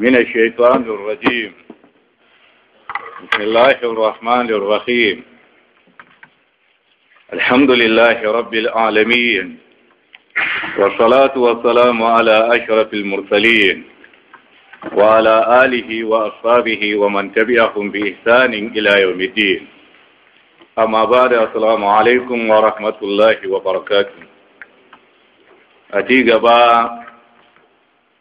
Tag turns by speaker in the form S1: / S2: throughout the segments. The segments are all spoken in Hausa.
S1: من الشيطان الرجيم بسم الله الرحمن الرحيم الحمد لله رب العالمين والصلاة والسلام على أشرف المرسلين وعلى آله وأصحابه ومن تبعهم بإحسان إلى يوم الدين أما بعد السلام عليكم ورحمة الله وبركاته أتي ci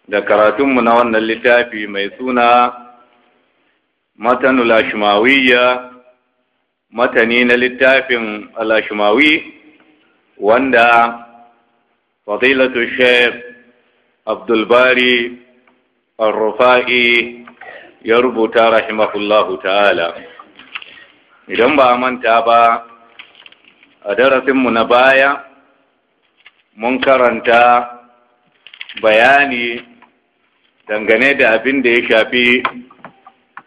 S1: da karatunmu na wannan littafi mai suna matanul ashmawiyya matani na littafin alashmawi wanda fadilatu sheikh abdulbari arrufa'i ya rubuta rahimahullahu ta'ala idan ba manta ba a darasinmu na baya mun karanta bayani dangane da abin da ya shafi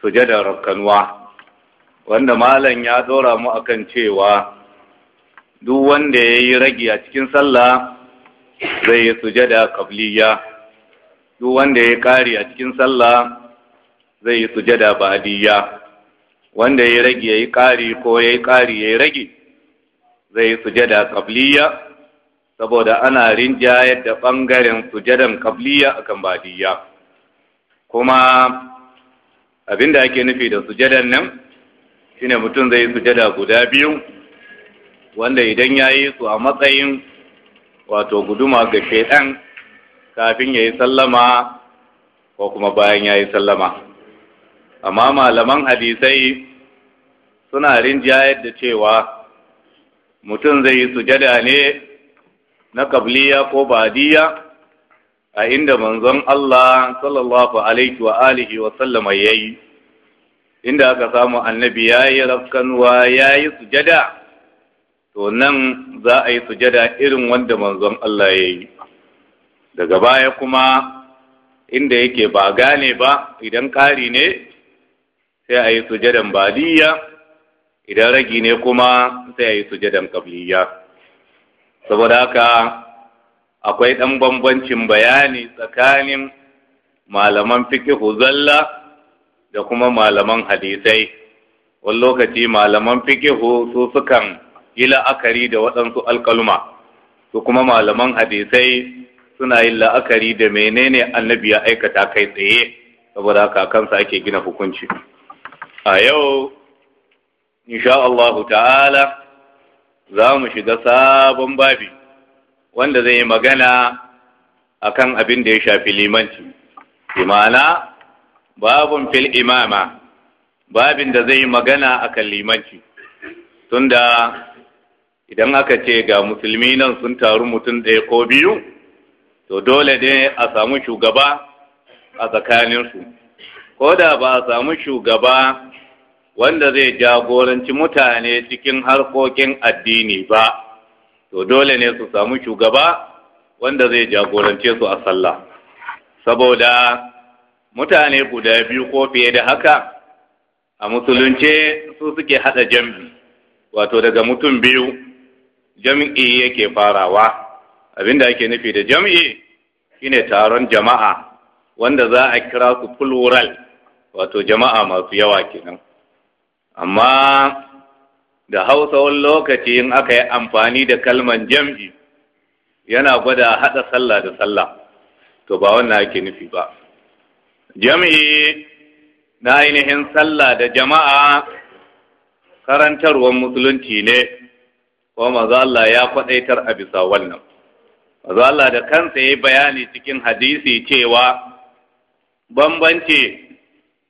S1: sujadar rakkanuwa wanda malam ya dora mu akan cewa duk wanda ya yi ragi a cikin sallah zai yi sujada kabliya duk wanda ya kari a cikin sallah zai yi sujada ba'diyya wanda ya ragi ya yi kari ko ya yi kari ya yi ragi, zai yi sujada kabliya saboda ana rinjayar da ɓangaren sujadan kabliya akan ba'diyya kuma abin abinda ake nufi da sujadan nan shine mutum zai yi sujada guda biyu wanda idan ya yi su a matsayin wato guduma ga shaidan kafin ya yi sallama ko kuma bayan ya yi sallama amma malaman hadisai suna rinjayar da cewa mutum zai yi sujada ne na kabliya ko badiya a inda manzon Allah sallallahu alaihi wa alihi wa sallama yayi inda aka samu annabi yayi rafkanwa yayi sujada to nan za a yi sujada irin wanda manzon Allah yayi daga baya kuma inda yake ba gane ba idan kari ne sai a yi sujadan baliya idan ragi ne kuma sai a yi sujadan kabliya saboda haka akwai ɗan bambancin bayani tsakanin malaman fikihu zalla da kuma malaman hadisai wani lokaci malaman fikihu su sukan yi la'akari da waɗansu alkalma su kuma malaman hadisai suna yin la'akari da menene annabi ya aikata kai tsaye saboda haka kansa ake gina hukunci a yau insha Allah ta'ala za mu shiga sabon babi wanda zai yi magana a kan abin da ya shafi limanci Imana, babin fil imama babin da zai yi magana a kan limanci tunda idan aka ce ga musulmi nan sun taru mutum ɗaya ko biyu to dole ne a samu shugaba a tsakaninsu ko da ba a samu shugaba wanda zai jagoranci mutane cikin harkokin addini ba to dole ne su samu shugaba wanda zai jagorance su a sallah saboda mutane guda biyu ko fiye da haka a musulunce su suke hada jam'i wato daga mutum biyu jam'i yake farawa abinda ake nufi da jam'i shine taron jama'a wanda za a kira su plural wato jama'a masu yawa kenan amma da hausawan lokaci in aka yi amfani da kalman jam'i yana gwada haɗa sallah da sallah to ba wannan ake nufi ba jam'i na ainihin sallah da jama'a karantarwar musulunci ne ko maza Allah ya kwaɗaitar a bisa wannan maza Allah da kansa ya bayani cikin hadisi cewa bambanci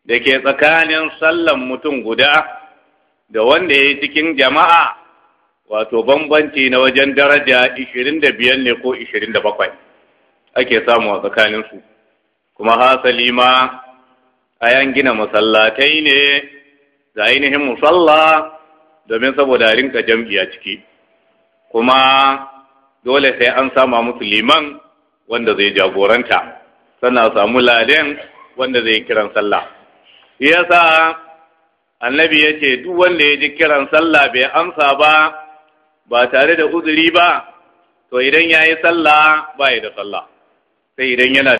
S1: da ke tsakanin sallan mutum guda da wanda ya yi cikin jama'a wato bambanci na wajen daraja 25 ne ko 27 ake samu a tsakaninsu kuma hasali ma a yan gina masallatai ne da ainihin musalla domin saboda rinka jam'i a ciki kuma dole sai an sama musu liman wanda zai jagoranta sannan samu laden wanda zai kiran sallah yasa annabi ya ce duk wanda ya ji kiran sallah bai amsa ba ba tare da uzuri ba to idan ya yi sallah ba ya da sallah sai idan yana